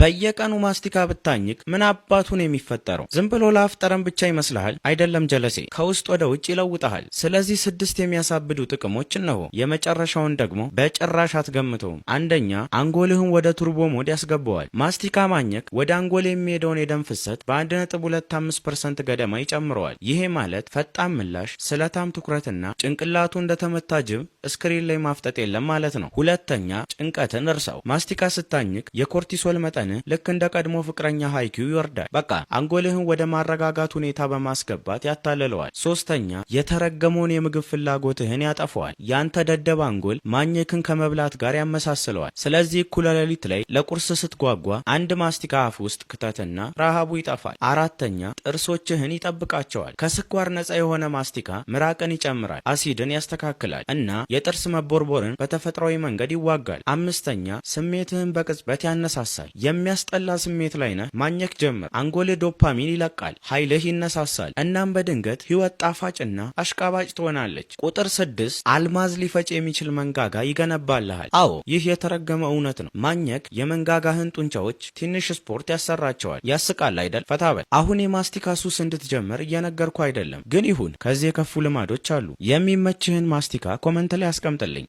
በየቀኑ ማስቲካ ብታኝክ ምን አባቱን የሚፈጠረው? ዝም ብሎ ለአፍ ብቻ ይመስልሃል? አይደለም ጀለሴ፣ ከውስጥ ወደ ውጭ ይለውጠሃል። ስለዚህ ስድስት የሚያሳብዱ ጥቅሞች እነሆ። የመጨረሻውን ደግሞ በጭራሽ አትገምተውም። አንደኛ፣ አንጎልህን ወደ ቱርቦ ሞድ ያስገባዋል። ማስቲካ ማኘክ ወደ አንጎል የሚሄደውን የደም ፍሰት በ1.25 ፐርሰንት ገደማ ይጨምረዋል። ይሄ ማለት ፈጣን ምላሽ፣ ስለታም ትኩረትና ጭንቅላቱ እንደተመታ ጅብ እስክሪን ላይ ማፍጠጥ የለም ማለት ነው። ሁለተኛ፣ ጭንቀትን እርሳው። ማስቲካ ስታኝክ የኮርቲሶል መጠን ቀን ልክ እንደ ቀድሞ ፍቅረኛ ሃይኪው ይወርዳል። በቃ አንጎልህን ወደ ማረጋጋት ሁኔታ በማስገባት ያታልለዋል። ሶስተኛ የተረገመውን የምግብ ፍላጎትህን ያጠፈዋል። ያንተ ደደብ አንጎል ማኘክን ከመብላት ጋር ያመሳስለዋል። ስለዚህ እኩለ ሌሊት ላይ ለቁርስ ስትጓጓ አንድ ማስቲካ አፍ ውስጥ ክተትና ረሃቡ ይጠፋል። አራተኛ ጥርሶችህን ይጠብቃቸዋል። ከስኳር ነጻ የሆነ ማስቲካ ምራቅን ይጨምራል፣ አሲድን ያስተካክላል እና የጥርስ መቦርቦርን በተፈጥሯዊ መንገድ ይዋጋል። አምስተኛ ስሜትህን በቅጽበት ያነሳሳል። የሚያስጠላ ስሜት ላይ ነህ። ማኘክ ጀምር። አንጎሌ ዶፓሚን ይለቃል፣ ኃይልህ ይነሳሳል። እናም በድንገት ህይወት ጣፋጭና አሽቃባጭ ትሆናለች። ቁጥር ስድስት አልማዝ ሊፈጭ የሚችል መንጋጋ ይገነባልሃል። አዎ ይህ የተረገመ እውነት ነው። ማኘክ የመንጋጋህን ጡንቻዎች ትንሽ ስፖርት ያሰራቸዋል። ያስቃል አይደል? ፈታበል። አሁን የማስቲካ ሱስ እንድትጀምር እየነገርኩ አይደለም፣ ግን ይሁን። ከዚህ የከፉ ልማዶች አሉ። የሚመችህን ማስቲካ ኮመንት ላይ አስቀምጥልኝ።